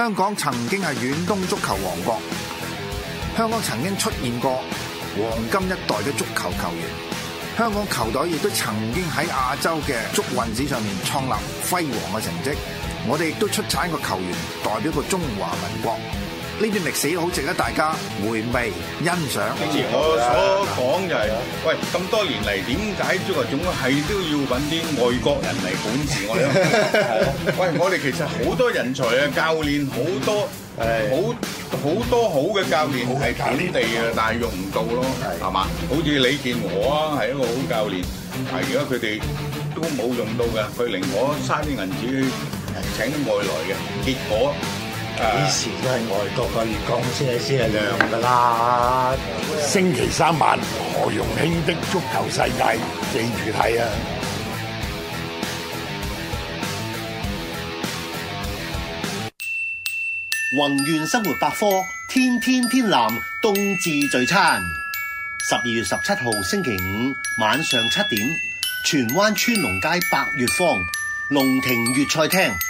香港曾經係遠東足球王國，香港曾經出現過黃金一代嘅足球球員，香港球隊亦都曾經喺亞洲嘅足運史上面創立輝煌嘅成績，我哋亦都出產個球員代表個中華民國。呢段歷史好值得大家回味欣賞。我所講就係，喂，咁多年嚟點解足球總係都要揾啲外國人嚟管治？我哋，喂，我哋其實好多人才啊，教練好多，好好多好嘅教練係本地嘅，但係用唔到咯，係嘛？好似李健和啊，係一個好教練，但係而家佢哋都冇用到嘅，佢寧可嘥啲銀紙請啲外來嘅，結果。以前都係外國個月光車先係亮噶啦，星期三晚何榮興的足球世界記住睇啊！宏源生活百科天天天藍冬至聚餐，十二月十七號星期五晚上七點，荃灣川龍街八月坊龍庭粵菜廳。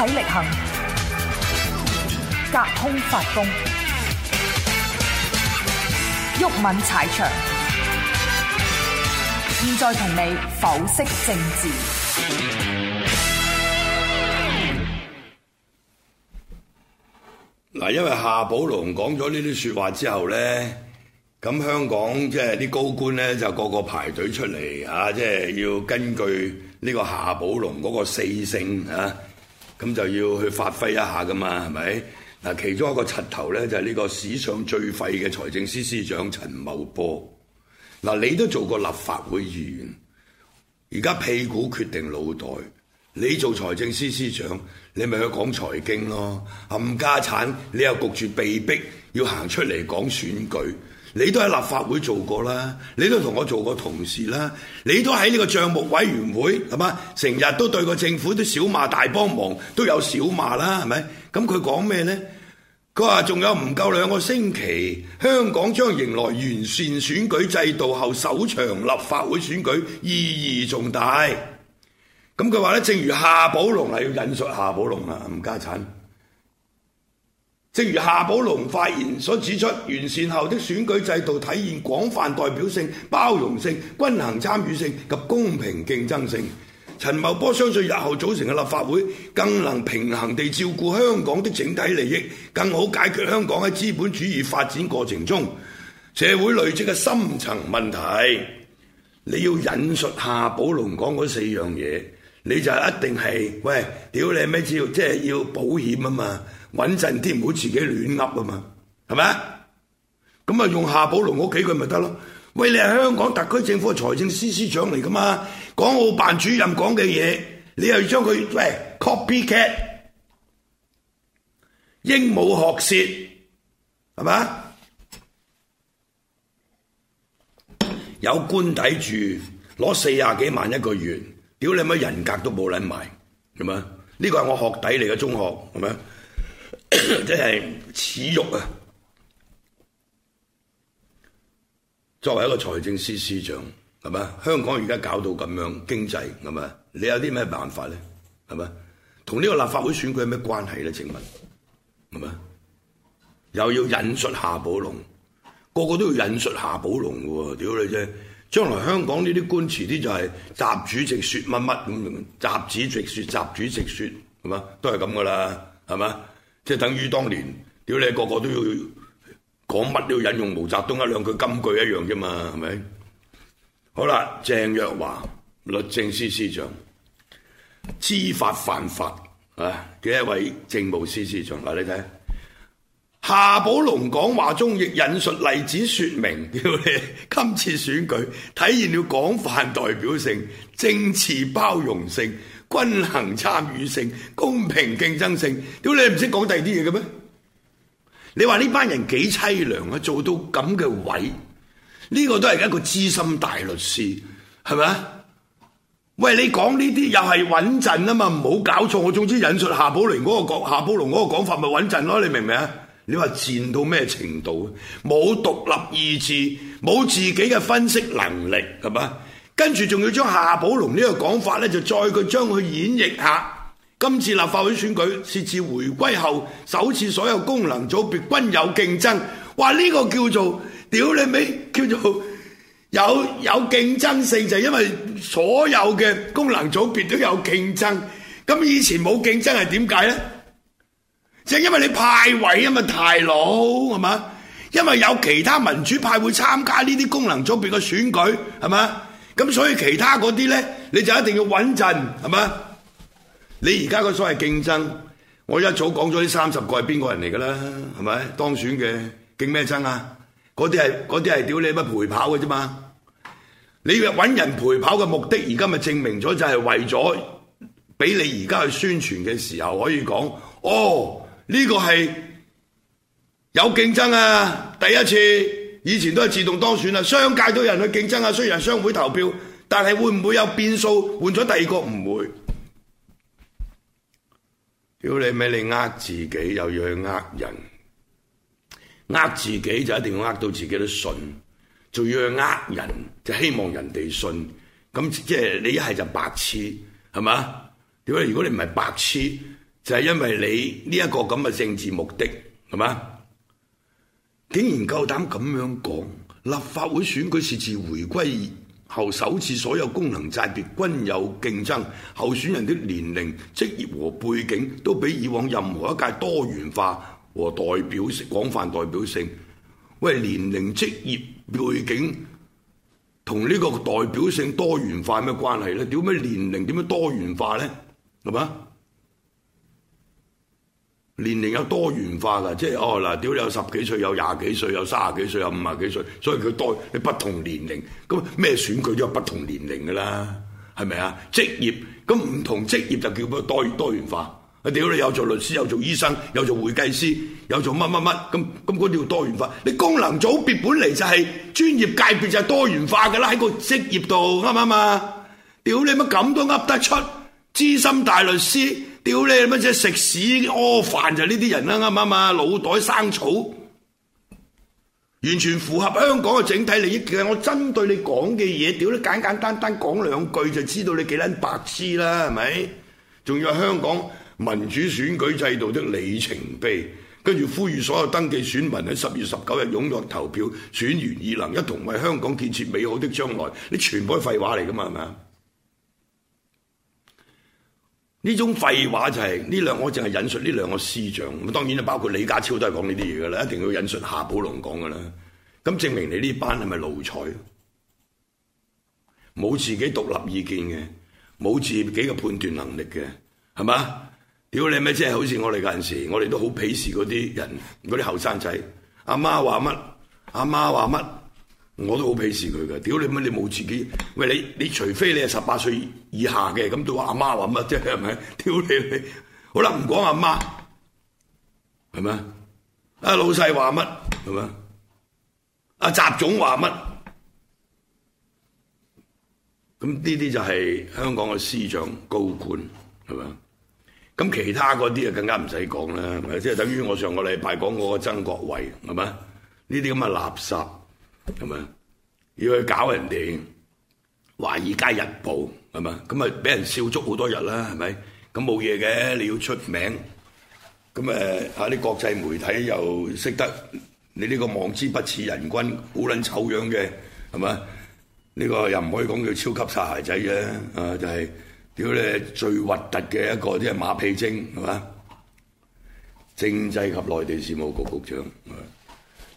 體力行，隔空發功，毓民踩場。現在同你剖析政治。嗱，因為夏寶龍講咗呢啲説話之後咧，咁香港即係啲高官咧就個個排隊出嚟啊！即係要根據呢個夏寶龍嗰個四性啊！咁就要去發揮一下噶嘛，係咪？嗱，其中一個柒頭咧就係、是、呢個史上最廢嘅財政司司長陳茂波。嗱、啊，你都做過立法會議員，而家屁股決定腦袋，你做財政司司長，你咪去講財經咯，冚家產，你又焗住被逼要行出嚟講選舉。你都喺立法會做過啦，你都同我做過同事啦，你都喺呢個帳目委員會係嘛？成日都對個政府都小罵大幫忙，都有小罵啦，係咪？咁佢講咩咧？佢話仲有唔夠兩個星期，香港將迎來完善選舉制度後首場立法會選舉，意義重大。咁佢話，正如夏寶龍啊，要引述夏寶龍啊，吳家產。正如夏寶龍發言所指出，完善後的選舉制度體現廣泛代表性、包容性、均衡參與性及公平競爭性。陳茂波相信日後組成嘅立法會更能平衡地照顧香港的整體利益，更好解決香港喺資本主義發展過程中社會累積嘅深層問題。你要引述夏寶龍講嗰四樣嘢，你就一定係喂屌你咩招，即係要保險啊嘛！穩陣啲，唔好自己亂噏啊嘛，係咪啊？咁啊用夏寶龍屋企佢咪得咯？喂，你係香港特區政府財政司司長嚟噶嘛？港澳辦主任講嘅嘢，你又將佢喂 copycat，鸚鵡學舌係咪？有官底住，攞四廿幾萬一個月，屌你乜人格都冇撚埋，係咪？呢個係我學底嚟嘅中學，係咪？即係恥辱啊！作為一個財政司司長，係嘛？香港而家搞到咁樣經濟，係嘛？你有啲咩辦法咧？係嘛？同呢個立法會選舉有咩關係咧？請問，係嘛？又要引述夏寶龍，個個都要引述夏寶龍嘅喎、啊，屌你啫！將來香港呢啲官詞啲就係習主席說乜乜咁，習主席說，習主席說，係嘛？都係咁噶啦，係嘛？即係等於當年，屌你個個都要講乜都要引用毛澤東一兩句金句一樣啫嘛，係咪？好啦，鄭若驊律政司司長，知法犯法啊嘅一位政務司司長，嗱你睇，夏寶龍講話中亦引述例子說明，屌 你今次選舉體現了廣泛代表性、政治包容性。均衡參與性、公平競爭性，屌你唔識講第二啲嘢嘅咩？你話呢班人幾凄涼啊？做到咁嘅位，呢個都係一個資深大律師，係咪啊？喂，你講呢啲又係穩陣啊嘛，唔好搞錯。我總之引述夏寶龍嗰個講，夏寶龍嗰個講法咪穩陣咯，你明唔明啊？你話賤到咩程度啊？冇獨立意志，冇自己嘅分析能力，係咪？跟住仲要將夏寶龍呢個講法呢，就再去將佢演繹下，今次立法會選舉設置回歸後首次所有功能組別均有競爭，話呢個叫做屌你咪，叫做有有競爭性，就係因為所有嘅功能組別都有競爭。咁以前冇競爭係點解呢？就係因為你派位啊嘛，大佬係嘛？因為有其他民主派會參加呢啲功能組別嘅選舉係嘛？咁所以其他嗰啲咧，你就一定要穩陣，係咪？你而家嗰所謂競爭，我一早講咗呢三十個係邊個人嚟噶啦，係咪？當選嘅競咩爭啊？嗰啲係嗰啲係屌你乜陪跑嘅啫嘛！你揾人陪跑嘅目的，而家咪證明咗就係為咗俾你而家去宣傳嘅時候可以講，哦，呢個係有競爭啊！第一次。以前都係自動當選啊，商界都有人去競爭啊，雖然係商會投票，但係會唔會有變數？換咗第二個唔會。屌你咩？你呃自己，又要去呃人，呃自己就一定要呃到自己都信，仲要去呃人就希望人哋信。咁即係你一係就白痴係嘛？屌你，如果你唔係白痴，就係因為你呢一個咁嘅政治目的係嘛？竟然夠膽咁樣講，立法會選舉是自回歸後首次所有功能界別均有競爭，候選人的年齡、職業和背景都比以往任何一屆多元化和代表性廣泛代表性。喂，年齡、職業、背景同呢個代表性多元化咩關係呢？屌咩年齡？點樣多元化呢？係咪年齡有多元化㗎，即係哦嗱，屌你有十幾歲，有廿幾歲，有卅幾歲，有五十幾歲，所以佢多你不同年齡，咁咩選舉都有不同年齡噶啦，係咪啊？職業，咁唔同職業就叫乜多元多元化，啊屌你有做律師，有做醫生，有做會計師，有做乜乜乜，咁咁嗰啲叫多元化。你功能組別本嚟就係專業界別就係多元化噶啦，喺個職業度啱唔啱啊？屌你乜咁都噏得出資深大律師？屌你乜啫！食屎屙飯就呢啲人啦，啱唔啱啊？腦袋生草，完全符合香港嘅整體利益嘅。其實我針對你講嘅嘢，屌你簡簡單單講兩句就知道你幾撚白痴啦，係咪？仲要香港民主選舉制度的里程碑，跟住呼籲所有登記選民喺十月十九日踴躍投票，選賢與能一同為香港建設美好的將來。你全部係廢話嚟㗎嘛，係咪啊？呢種廢話就係呢兩，我淨係引述呢兩個司長，咁當然包括李家超都係講呢啲嘢㗎喇，一定要引述夏寶龍講㗎喇。咁證明你呢班係咪奴才？冇自己獨立意見嘅，冇自己嘅判斷能力嘅，係嘛？屌你咩啫？好似我哋嗰陣時，我哋都好鄙視嗰啲人，嗰啲後生仔，阿媽話乜，阿媽話乜。我都好鄙視佢噶，屌你乜？你冇自己，喂，你，你除非你係十八歲以下嘅，咁對阿媽話乜啫係咪？屌你！好啦，唔講阿媽，係咪啊？老細話乜係咪啊？阿習總話乜？咁呢啲就係香港嘅司長高官係咪啊？咁其他嗰啲啊更加唔使講啦，係咪？即係等於我上個禮拜講嗰個曾國衛係咪？呢啲咁嘅垃圾。係咪要去搞人哋《華爾街日報》係咪？咁咪俾人笑足好多日啦？係咪？咁冇嘢嘅，你要出名。咁誒，喺、呃、啲國際媒體又識得你呢個望之不似人君、好撚醜樣嘅係咪？呢、呢個又唔可以講叫超級殺鞋仔嘅啊！就係、是、屌你最核突嘅一個啲、即係、馬屁精係咪？政制及內地事務局局,局長。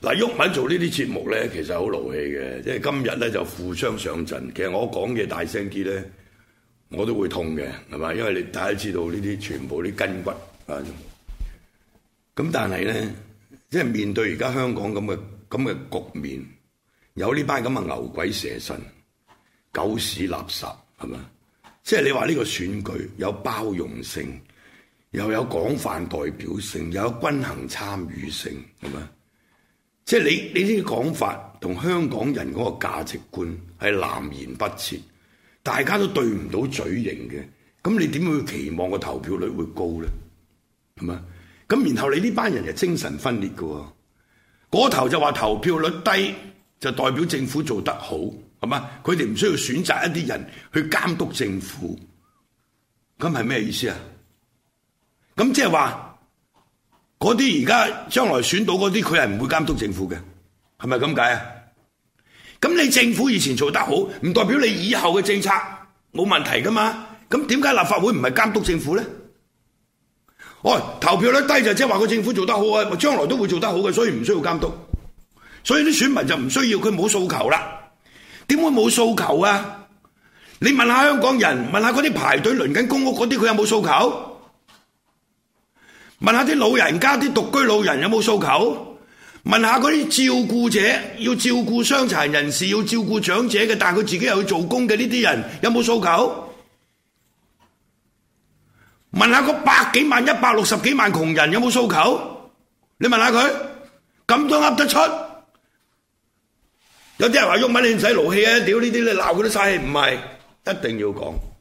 嗱，毓民做呢啲節目咧，其實好勞氣嘅，即係今日咧就負傷上陣。其實我講嘢大聲啲咧，我都會痛嘅，係嘛？因為你大家知道呢啲全部啲筋骨啊，咁但係咧，即係面對而家香港咁嘅咁嘅局面，有呢班咁嘅牛鬼蛇神、狗屎垃圾，係嘛？即係你話呢個選舉有包容性，又有，有廣泛代表性，又有均衡參與性，係嘛？即係你你呢啲講法同香港人嗰個價值觀係南轅北轍，大家都對唔到嘴型嘅，咁你點會期望個投票率會高咧？係嘛？咁然後你呢班人係精神分裂嘅喎，嗰頭就話投票率低就代表政府做得好，係嘛？佢哋唔需要選擇一啲人去監督政府，咁係咩意思啊？咁即係話。嗰啲而家將來選到嗰啲，佢係唔會監督政府嘅，係咪咁解啊？咁你政府以前做得好，唔代表你以後嘅政策冇問題㗎嘛？咁點解立法會唔係監督政府咧？哦、哎，投票率低就即係話個政府做得好啊，將來都會做得好嘅，所以唔需要監督，所以啲選民就唔需要佢冇訴求啦。點會冇訴求啊？你問下香港人，問下嗰啲排隊輪緊公屋嗰啲，佢有冇訴求？問下啲老人家、啲獨居老人有冇訴求？問下嗰啲照顧者，要照顧傷殘人士、要照顧長者嘅，但係佢自己又去做工嘅呢啲人有冇訴求？問下嗰百幾萬、一百六十幾萬窮人有冇訴求？你問下佢，咁都噏得出？有啲人話鬱埋你唔使勞氣嘅，屌呢啲你鬧佢都嘥氣，唔係，一定要講。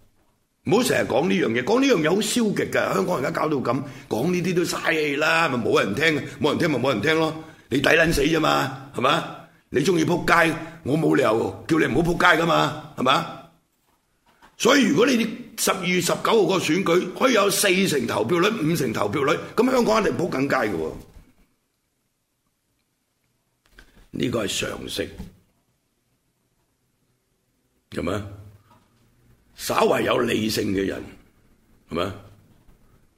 唔好成日講呢樣嘢，講呢樣嘢好消極噶。香港而家搞到咁，講呢啲都嘥氣啦，咪冇人聽，冇人聽咪冇人聽咯。你抵撚死啫嘛，係嘛？你中意撲街，我冇理由叫你唔好撲街噶嘛，係嘛？所以如果你哋十二月十九號嗰個選舉可以有四成投票率、五成投票率，咁香港一定撲緊街嘅。呢個係常識，係嘛？稍為有理性嘅人，係咪？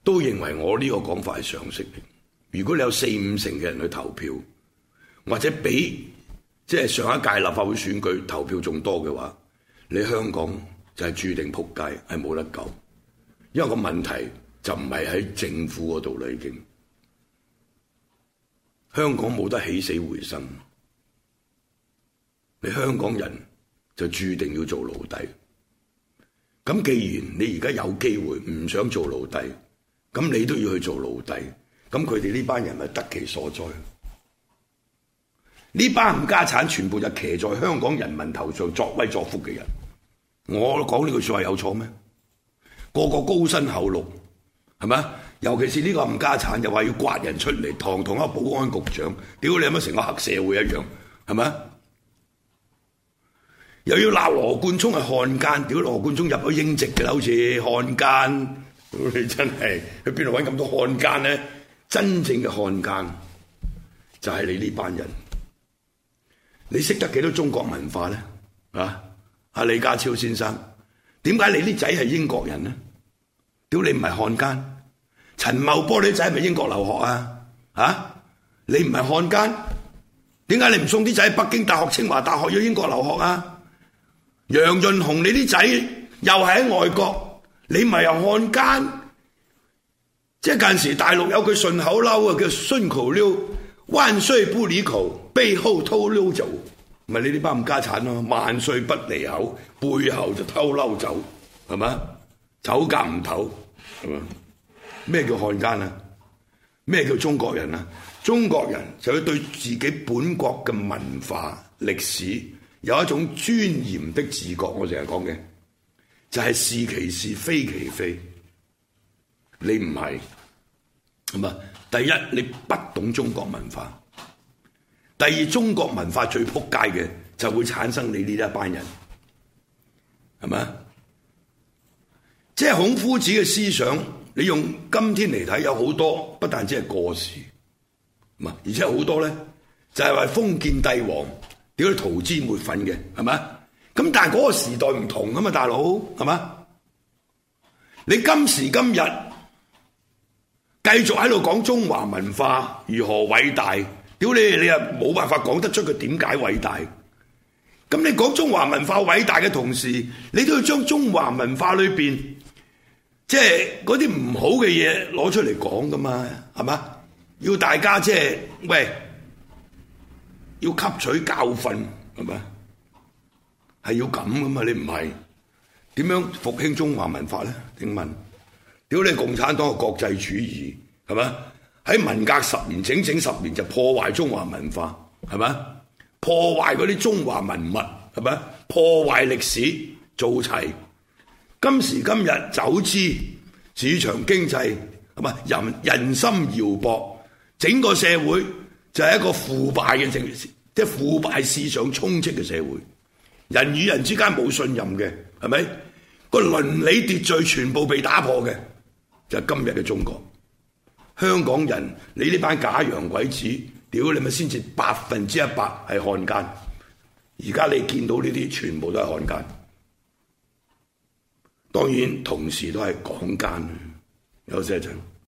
都認為我呢個講法係常識嘅。如果你有四五成嘅人去投票，或者比即係上一屆立法會選舉投票仲多嘅話，你香港就係注定撲街，係冇得救。因為個問題就唔係喺政府嗰度啦，已經。香港冇得起死回生，你香港人就注定要做奴隸。咁既然你而家有機會唔想做奴隸，咁你都要去做奴隸，咁佢哋呢班人咪得其所在？呢班冚家產全部就騎在香港人民頭上作威作福嘅人，我講呢句說話有錯咩？個個高薪厚祿，係咪？尤其是呢個冚家產又話要刮人出嚟，堂堂一個保安局長，屌你乜，成個黑社會一樣，係咪？又要鬧羅冠聰係漢奸，屌羅冠聰入咗英籍嘅好似漢奸，你真係去邊度揾咁多漢奸呢？真正嘅漢奸就係、是、你呢班人。你識得幾多少中國文化呢？啊，李家超先生，點解你啲仔係英國人呢？屌你唔係漢奸？陳茂波啲仔係咪英國留學啊？啊，你唔係漢奸？點解你唔送啲仔北京大學、清華大學去英國留學啊？楊潤雄，你啲仔又係喺外國，你咪又漢奸？即係嗰陣時，大陸有句順口溜啊，叫順口溜：萬歲不離口，背後偷溜走。咪你呢班冚家產咯？萬歲不離口，背後就偷溜走，係嘛？走夾唔唞，係嘛？咩叫漢奸啊？咩叫中國人啊？中國人就要對自己本國嘅文化、歷史。有一種尊嚴的自覺，我成日講嘅就係、是、是其是非其非，你唔係咁啊！第一，你不懂中國文化；第二，中國文化最撲街嘅就會產生你呢一班人，係咪啊？即係孔夫子嘅思想，你用今天嚟睇，有好多不但只係過時，係咪？而且好多咧就係、是、話封建帝王。屌你，塗脂抹粉嘅，係咪？咁但係嗰個時代唔同啊嘛，大佬，係咪？你今時今日繼續喺度講中華文化如何偉大，屌你，你又冇辦法講得出佢點解偉大。咁你講中華文化偉大嘅同時，你都要將中華文化裏邊即係嗰啲唔好嘅嘢攞出嚟講噶嘛，係嘛？要大家即係、就是、喂。要吸取教訓係咪？係要咁噶嘛？你唔係點樣復興中華文化咧？請問，屌你共產黨嘅國際主義係咪？喺文革十年整整十年就破壞中華文化係咪？破壞嗰啲中華文物係咪？破壞歷史做齊。今時今日走資，市場經濟係咪？人人心搖盪，整個社會。就係一個腐敗嘅政治，即係腐敗思想充斥嘅社會，人與人之間冇信任嘅，係咪？個倫理秩序全部被打破嘅，就係今日嘅中國。香港人，你呢班假洋鬼子，屌你咪先至百分之一百係漢奸。而家你見到呢啲全部都係漢奸，當然同時都係港奸，有些就。